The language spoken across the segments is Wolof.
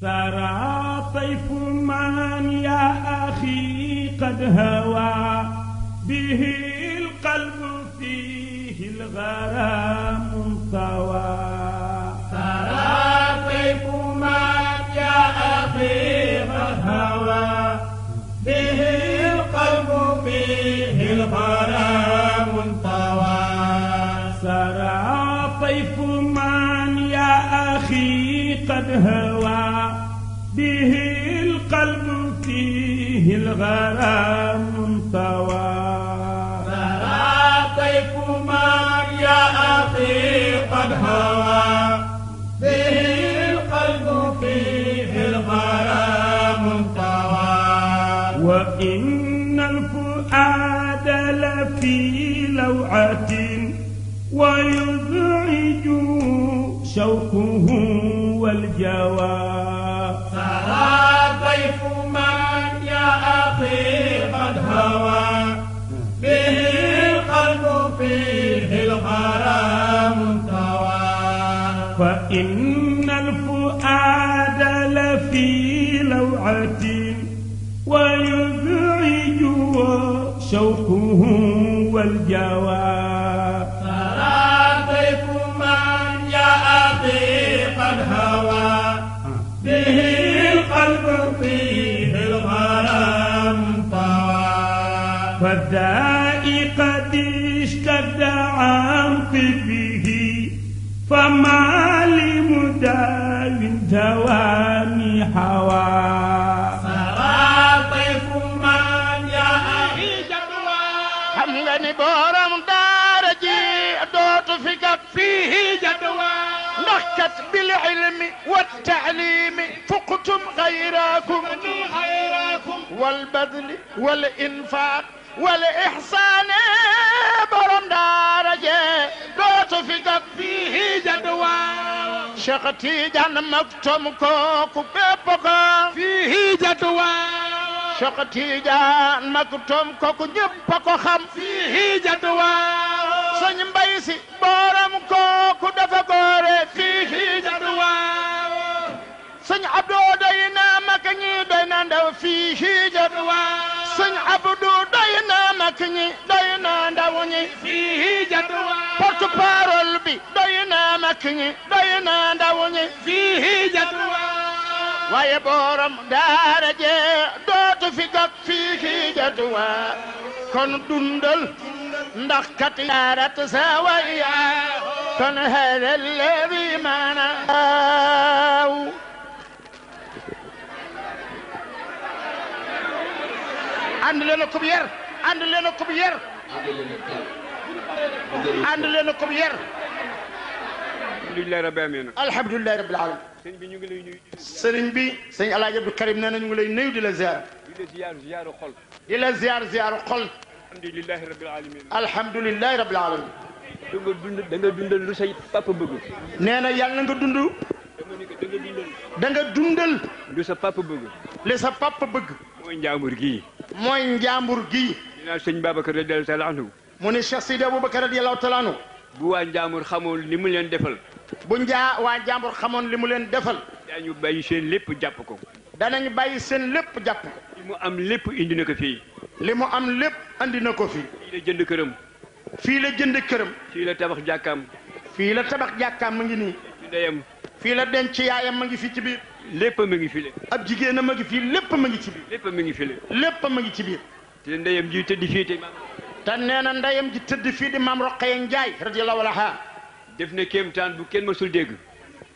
سرى طيف معا يا أخي قد هوى به القلب فيه الغرام طوى سرى طيف معا يا أخي قد هوى به القلب فيه الغرام طوى سرى طيف معا يا أخي قد هوى غرام سواء سرى سيف ماك يا أخي قد هوى به القلب فيه الغرام سواء وإن الفؤاد لفي لوعة ويزعج شوقه والجوى سرى سيف ماك أخي قد هوى به القلب فيه الغرام توى فإن الفؤاد لفي لوعة ويزعج شوقه والجواب فما لمداو دوام هوى سراطف من جاء جدوى حملني بورم دارجي دوت فيك فيه جدوى نحكت بالعلم والتعليم فقتم غيراكم غيراكم والبذل والإنفاق والإحسان برندار sufikat fiihi jadwa Cheikh Tidiane maktum kooku ko fiihi jadwa Cheikh Tidiane Si booram kooku dafa góore fiihi jadwa sëñ Abdou doy na mag ñi doy na ndaw fiihi jadwa sëñ Abdou doy na mag ñi doy na ndaw ñi fiihi baatu parole bi doy na mag ñi doy na ndaw ñi fii jatwa waaye boorom daara jee dootu fi gog fii jatwa kon dundal ndax kat yaarat sa kon xelal lebi maanaaw ànd leen ak kub yar ànd leen a ko yar. alhamdulilah rabbi amiin. alhamdulilah rabbil alamin. sëriñ bi ñu ngi lay nuyu. sëriñ bi sëñ El Hadj Abdou Karim nee na ñu ngi lay nuyu di la ziar. di la ziar ziaru xol. di la ziar ziaru xol. alhamdulilah rabbil alamin. alhamdulilah rabbil alamin. da nga dund da nga dundal lu say papa bëgg. nee na yàlla na nga dund. da nga dundal. lu sa papa bëgg. li sa papa bëgg. mooy njaambur gii. mooy njaambur gii. dinaa sëñ Babacar radiyallahu taala anhu mu ne Cheikh Sidi Aboubacar radiyallahu taala anhu bu waa Njaambur xamoon li mu leen defal. bu njaa waa Njaambur xamoon li mu leen defal. daañu bàyyi seen lépp jàpp ko. danañ bàyyi seen lépp jàpp ko. li mu am lépp indi na ko fii. li mu am lépp andi na ko fii. fii la jënd këram. fii la jënd këram. fii la tabax jàkkaam. fii la tabax jàkkaam mu ngi nii. ndeyam. fii la denc yaayam ma ngi fii ci biir. lépp ma ngi file. ab jigéenam ma ngi fii lépp ma ngi ci biir. lépp ma ngi file. lépp ma ngi ci biir. te ndeyam ji tëdd fii te. te nee na ndeyam ji tëdd fii di maam Roqaya Njaay radiyallahu anha def na kéemtaan bu kenn mësul dégg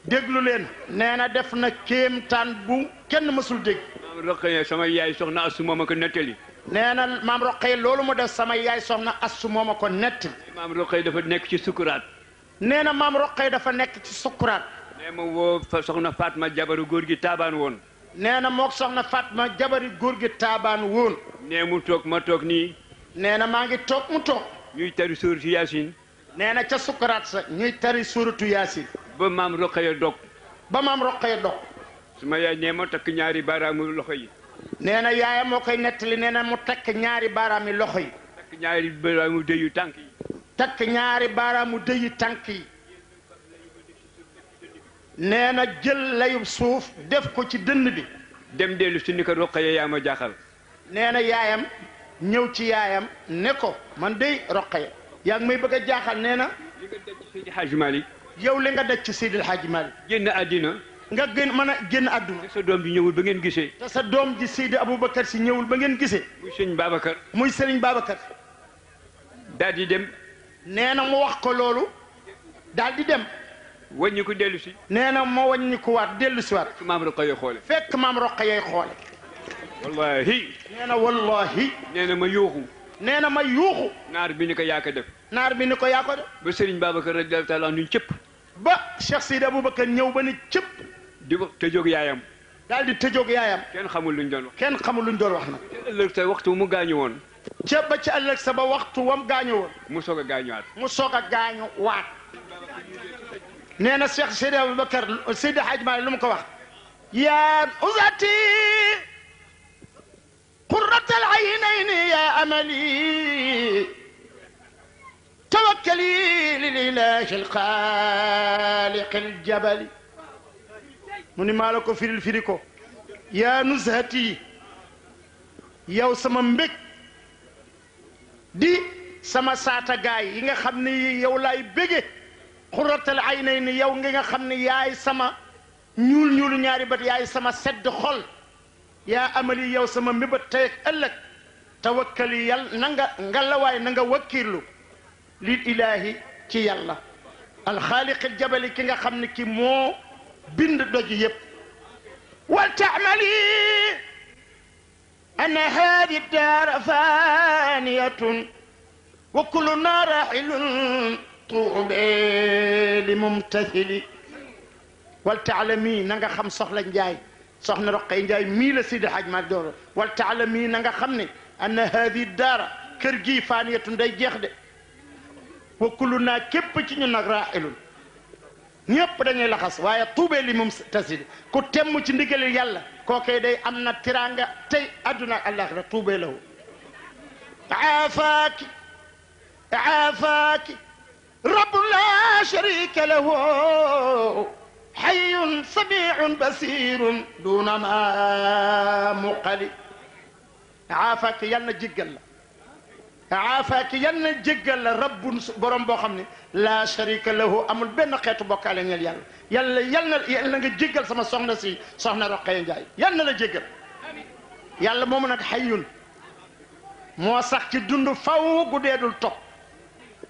déglu leen nee na def na kéemtaan bu kenn mësul dégg maam Roqaya sama yaay soxna Asu ko nettali nee na maam Roqaya loolu mu def sama yaay soxna Asu mooma ko nettali maam Roqaya dafa nekk ci sukuraat neena na maam Roqaya dafa nekk ci sukuraat nee ma woo soxna Fatma jabaru góor gi taabaan woon nee na mook soxna Fatma jabari góor gi taabaan woon nee mu toog ma toog nii nee na maa ngi toog mu toog. ñuy tari suuratu yaasin. nee na ca sukuraat sa. ñuy tari suuratu yaasin. ba maam Roqaya dog. ba maam Roqaya dog. su ma yaay nee ma takk ñaari baaraamu loxo yi. nee na yaayam moo koy nettali nee na mu takk ñaari baaraami loxo yi. takk ñaari tànk yi. takk ñaari baaraamu dëyu tànk yi. nee na jël layub suuf def ko ci dënn bi. dem dellu si ni ko Roqaya yaa ma jaaxal. nee yaayam. ñëw ci yaayam ne ko man dey Roqaya yaa ngi may bëgg a jaaxal nee na. li nga daj ci Seydi Hadj Malick. yow li nga daj ci Seydi Hadj Malick. génn àddina. nga gën mën a génn àdduna. te sa doom ji ñëwul ba ngeen gisee. te sa doom ji Seydi Aboubacar si ñëwul ba ngeen gisee. muy sëñ Babacar. muy sëñ Babacar. daal di dem. nee na mu wax ko loolu. daal di dem. wàññi ko dellu si. nee na moo wàññi ko waat dellu si waat. fekk maam Roqaya xoole. fekk maam Roqaya xoole. wallahi nee na wallahi nee na ma yuuxu nee na ma yuuxu naar bi ni ko yaa ko def naar bi ni ko yaa ko def ba Serigne Babacar radiyallahu taala nuñ cëpp ba Cheikh Sidi Aboubacar ñëw ba ni cëpp di te tëjoog yaayam daal di jog yaayam kenn xamul luñ doon wax kenn xamul luñ doon wax na ëllëg sa waxtu mu gaañu woon ca ba ci ëllëg sa ba waxtu wam gaañu woon mu soog a gaañuwaat mu soog a gaañu waat nee na Cheikh Sidi Aboubacar Seydi Hadj Malick lu mu ko wax yaa usati عملي توكلي للإله الخالق الجبل mu ni ko firil firi yaa nuzhati yow sama mbég di sama saata gaay yi nga xam ni yow laay bége xuratal ay nay ni yow nga nga xam ne yaay sama ñuul ñuulu ñaari bët yaay sama sedd xol yaa amali yow sama mbébat tey ak tawakkali yàlla na nga ngalawaay na nga wakkiirlu lil ilaahi ci yàlla alxaaliqil jabali ki nga xam ne ki moo bind doj yëpp wal taamali ana haadi daara faaniyatun wa kulluna raaxilun tuube li mumtasili wal taalami na nga xam soxla njaay soxna roqay njaay mii la sidi haj ma dooro wal taalami na nga xam ne anna haadi daara kër gii faaniyatun day jeex de wa kullu naa képp ci ñun nag raaxilun ñëpp dañuy laxas waaye tuubee li moom tasidi ku temm ci ndigalil yàlla kookee day am na tiraanga tey adduna ak àllaaxira tuubee lahu aafaaki aafaaki rabu laa sharika lahu xayun samiun basirun duuna ma muqali aafaak yal na jéggal la aafaak yal na jéggal la rabbun borom boo xam ne laa sharika lahu amul benn xeetu bokkaale ñeel yàlla yàlla yal na yal na nga jéggal sama soxna si soxna Roqaya Njaay yal na la jéggal yàlla moomu nag xayyun moo sax ci dund faw gu deedul topp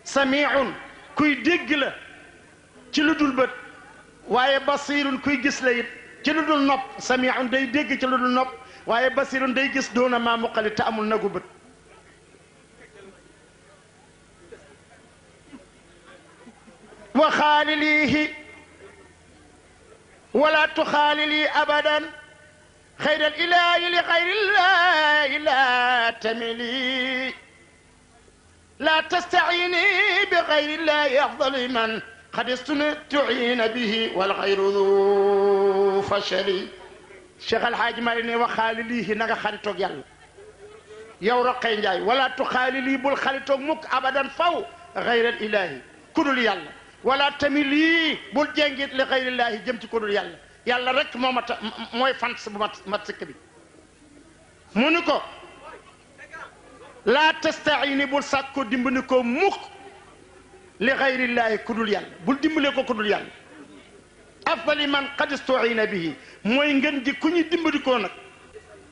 samiun kuy dégg la ci lu dul bët waaye basirun kuy gis la it ci lu dul nopp samiun day dégg ci lu dul nopp waaye basirun day gis doona maa muqali te amul nagu bët wa xaalilihi wala tuxaalili abadan xayra ilaahi li xayri laahi laa tamili laa tastaini bi xayri laahi afdalu man xadistuna tuina bihi wal xayru du fashali Cheikh Al Hadj Mari ne waxaali lii na nga yow Roqay Njaay wala tu xaali lii bul xaritoog mukk abadan faw xayral ilaahi kudul yàlla wala tamit lii bul jengit li xayrillaahi jëm ci kudul yàlla yàlla rek mooy fans bu mat mat sëkk bi ko laa bul sàkk ko dimbali ko mukk li kudul yàlla bul dimbale kudul yàlla afdali man qad istuina bi mooy ngeen di ku ñu dimbadikoo nag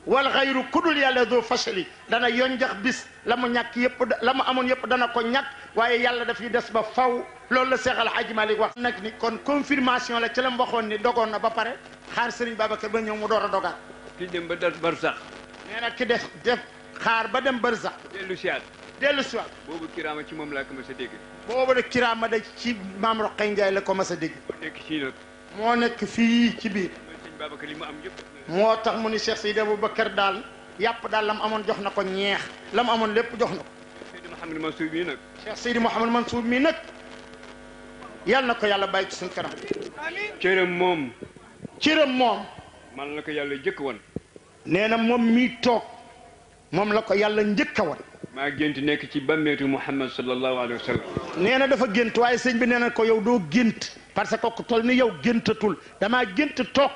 wal xayru kudul yàlla doo fasali dana yonjax bis la mu ñàkk yëpp la amoon yëpp dana ko ñàkk waaye yàlla dafay des ba faw loolu la Seex al Hajji Maalik wax nag ni kon confirmation la ci la mu waxoon ni dogoon na ba pare xaar Sëriñ Babacar ba ñëw mu door a dogaat ki dem ba des barsax nee na ki def def xaar ba dem barsax dellu siwaat dellu siwaat boobu kiraama ci moom laa ko mas a dégg boobu de kiraama da ci maam Roqay la ko mas dégg nekk ci moo nekk fii ci biir moo tax mu ni Cheikh Seydi Aboubacar daal yàpp daal la mu amoon jox na ko ñeex la amoon lépp jox na ko Seydi Mouhamadou Mansour mii nag Cheikh Seydi Mouhamadou Mansour mii nag yàlla na ko yàlla bàyyi ci suñu kanam cëram moom cëram moom man la ko yàlla jëkk nee na moom mii toog moom la ko yàlla njëkk a woon maa gént nekk ci bàmmeetu Muhammad sallallahu alayhi wa sallam nee na dafa gént waaye sëñ bi nee na ko yow doo gént parce que ku toll ni yow géntatul damaa gént toog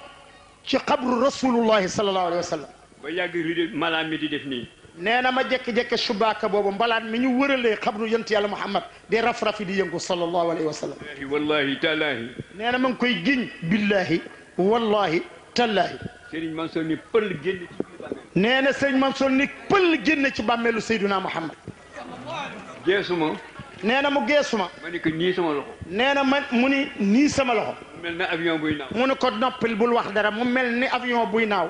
ci xabru rasulullahi sallallahu alayhi wa sallam ba yàgg ri malaan mi di def nii nee na ma jékki-jékki subaaka boobu mbalaan mi ñu wëralee xabru yent yàlla muhammad di raf-rafi di yëngu sallallahu alayhi wa sallam wallahi tallaahi nee na ma ngi koy giñ billahi wallahi tallaahi sëriñ Mansour pël génn ci nee na bàmmeelu Seydina Muhammad jeesuma nee na mu geesu ma. ma ni ko nii sama loxo. nee na man mu ni nii sama loxo. mel ne avion buy naaw. mu ni ko noppil bul wax dara mu mel ni avion buy naaw.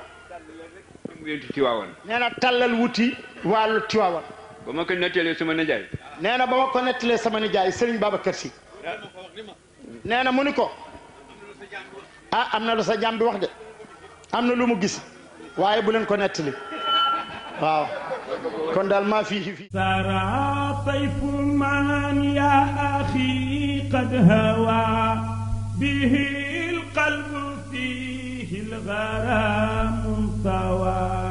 nee na tàllal wuti wàllu Tiwaawan. ba ma ko nettalee sama nijaay. nee na ba ma ko sama nijaay Serigne Babacar Sy. na mu ni ko. ah am na lu sa jàmm wax de. am na lu mu gis waaye bu leen ko nettali waaw. kon daal maa fii fii sara sayfu man ya axi qad hawa bihi alqalbu fihi algharam sawa